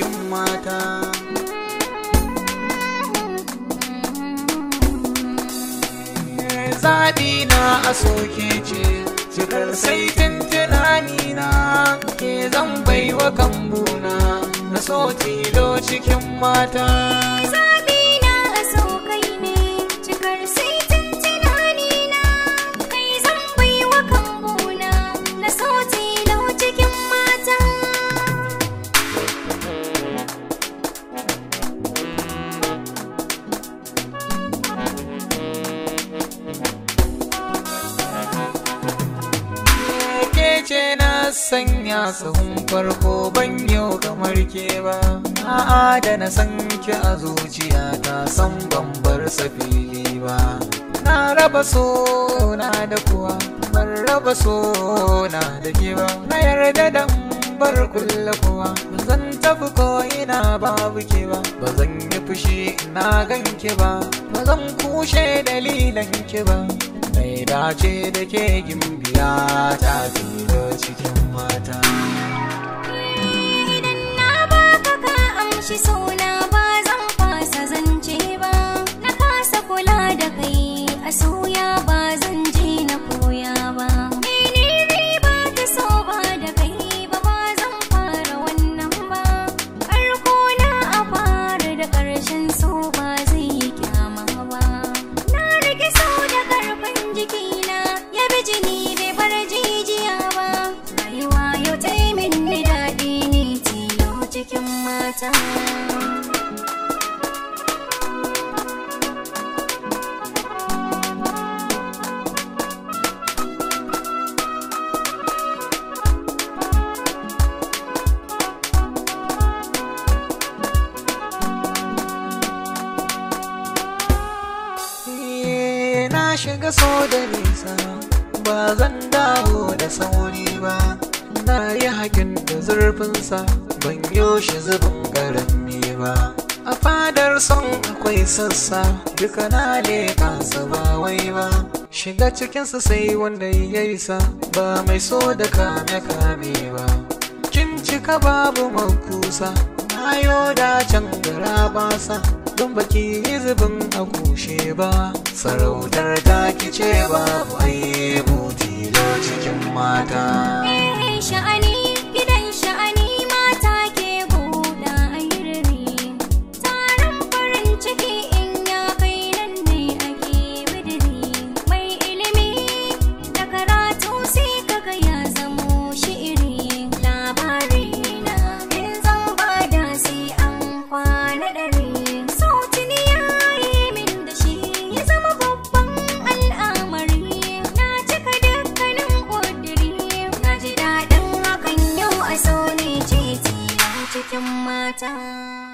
cikin mata zaɓi na a soke ce cikar saitin tunani na ke zan baiwa kambuna na so tilo cikin mata na sanya sahun farko ban yau kamar ke ba a'a da na san ki a zuciya ta san ban bar sa fili ba na raba so na da kuwa ban raba so na da ke ba na yarda da bar kulle kuwa ba zan tafi ko ina babu ke ba ba zan yi fushi ina gan ki ba ba zan kushe dalilan ki ba mai dace da ke gimbiya ta na shiga so da nisa ba zan dawo da sauri ba na yi hakin da zurfinsa ban shi zubin garami ba a fadar son akwai sassa duka na leƙa ba wai ba shiga cikinsa sai wanda ya isa, sa ba mai so da kame kame ba kin cika babu makusa na yo da can gara basa don baki yi zubin a kushe ba sarautar ta kice babu aibu 么扎。